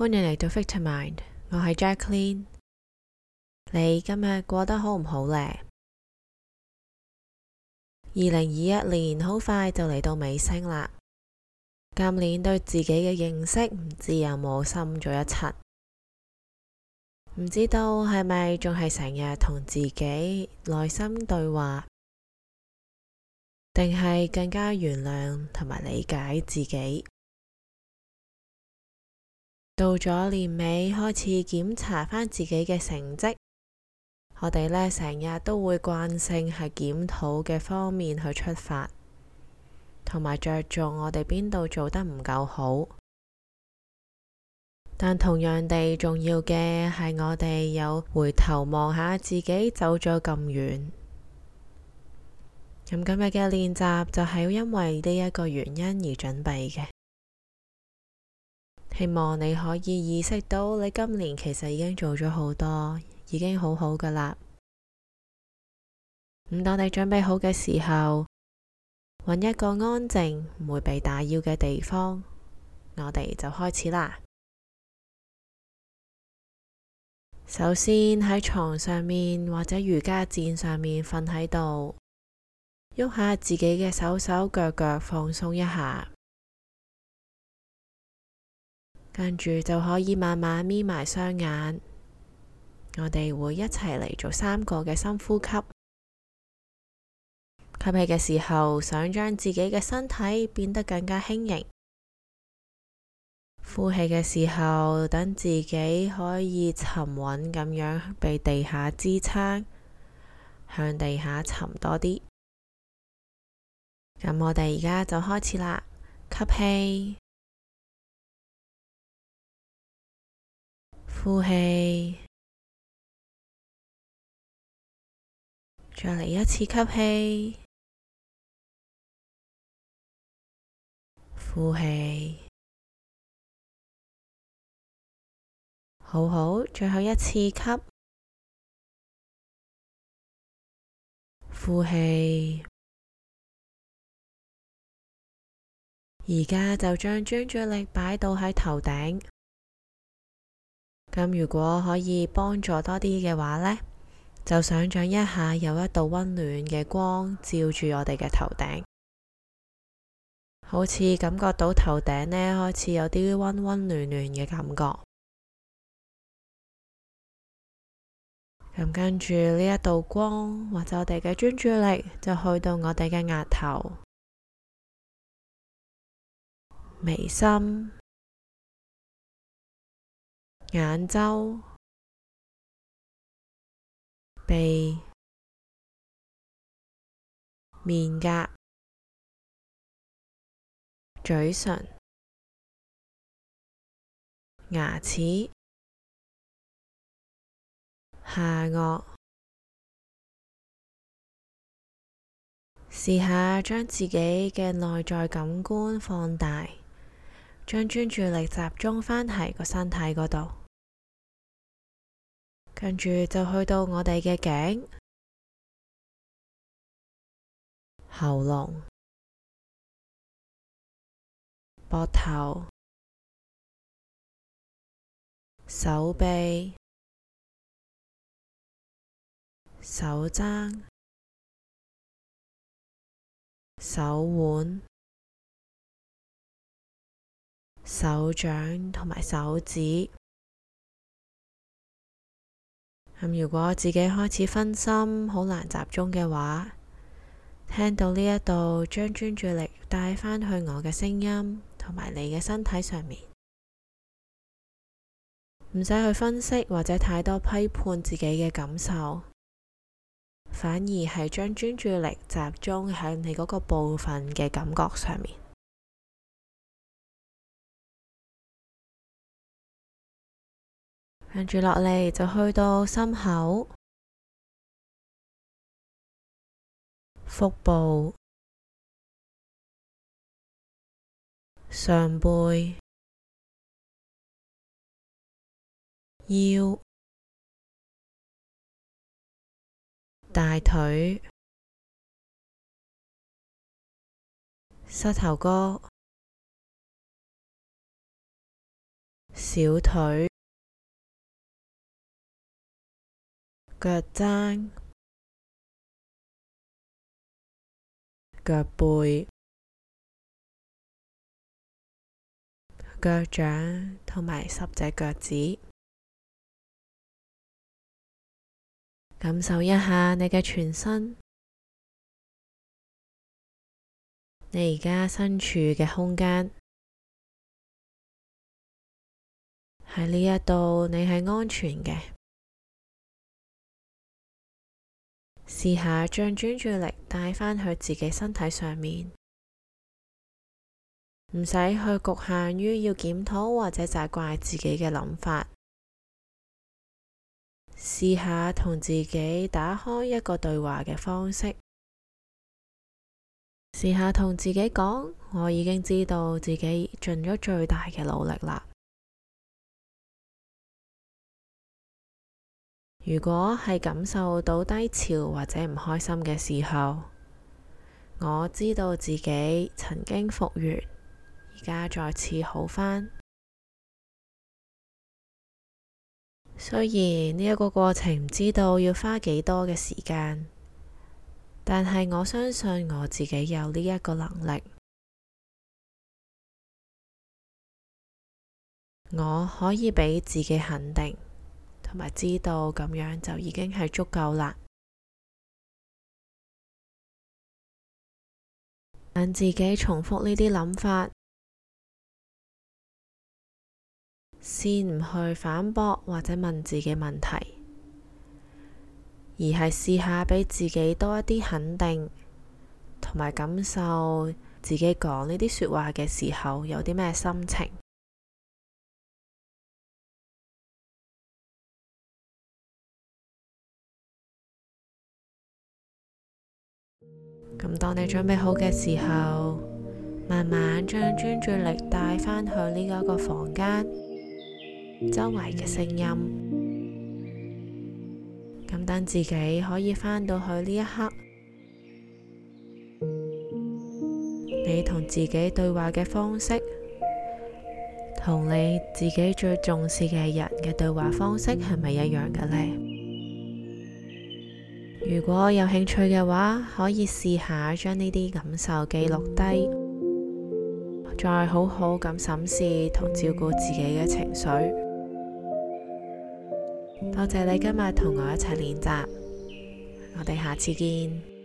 歡迎嚟到 Vitamind，我係 Jaclyn。你今日過得好唔好咧？二零二一年好快就嚟到尾聲啦。今年對自己嘅認識唔知有冇深咗一層，唔知道係咪仲係成日同自己內心對話，定係更加原諒同埋理解自己？到咗年尾，開始檢查返自己嘅成績，我哋呢成日都會慣性係檢討嘅方面去出發，同埋着重我哋邊度做得唔夠好。但同樣地，重要嘅係我哋有回頭望下自己走咗咁遠。咁今日嘅練習就係因為呢一個原因而準備嘅。希望你可以意識到，你今年其實已經做咗好多，已經好好噶啦。唔當你準備好嘅時候，搵一個安靜、唔會被打擾嘅地方，我哋就開始啦。首先喺床上面或者瑜伽墊上面瞓喺度，喐下自己嘅手手腳腳，放鬆一下。跟住就可以慢慢眯埋雙眼。我哋會一齊嚟做三個嘅深呼吸。吸氣嘅時候，想將自己嘅身體變得更加輕盈；呼氣嘅時候，等自己可以沉穩咁樣被地下支撐，向地下沉多啲。咁我哋而家就開始啦，吸氣。呼氣，再嚟一次吸氣，呼氣，好好，最後一次吸，呼氣，而家就將專注力擺到喺頭頂。咁如果可以幫助多啲嘅話呢，就想象一下有一道溫暖嘅光照住我哋嘅頭頂，好似感覺到頭頂呢開始有啲溫溫暖暖嘅感覺。咁跟住呢一道光或者我哋嘅專注力就去到我哋嘅額頭、眉心。眼周、鼻、面頰格、嘴唇、牙齒、下顎額，試下將自己嘅內在感官放大。將專注力集中返喺個身體嗰度，跟住就去到我哋嘅頸、喉嚨、膊頭、手臂、手踭、手腕。手掌同埋手指咁，嗯，如果自己開始分心，好難集中嘅話，聽到呢一度將專注力帶返去我嘅聲音同埋你嘅身體上面，唔使去分析或者太多批判自己嘅感受，反而係將專注力集中喺你嗰個部分嘅感覺上面。跟住落嚟，就去到心口、腹部、上背、腰、大腿、膝頭哥、小腿。腳踭、腳背、腳掌同埋十隻腳趾，感受一下你嘅全身。你而家身處嘅空間喺呢一度，你係安全嘅。試下將專注力帶返去自己身體上面，唔使去局限於要檢討或者責怪自己嘅諗法。試下同自己打開一個對話嘅方式，試下同自己講：我已經知道自己盡咗最大嘅努力啦。如果係感受到低潮或者唔開心嘅時候，我知道自己曾經復原，而家再次好翻。雖然呢一個過程唔知道要花幾多嘅時間，但係我相信我自己有呢一個能力，我可以俾自己肯定。同埋知道咁樣就已經係足夠啦。等自己重複呢啲諗法，先唔去反駁或者問自己問題，而係試下俾自己多一啲肯定，同埋感受自己講呢啲說話嘅時候有啲咩心情。咁當你準備好嘅時候，慢慢將專注力帶返去呢一個房間周圍嘅聲音。咁等自己可以返到去呢一刻，你同自己對話嘅方式，同你自己最重視嘅人嘅對話方式係咪一樣嘅呢？如果有興趣嘅話，可以試下將呢啲感受記錄低，再好好咁審視同照顧自己嘅情緒。多謝你今日同我一齊練習，我哋下次見。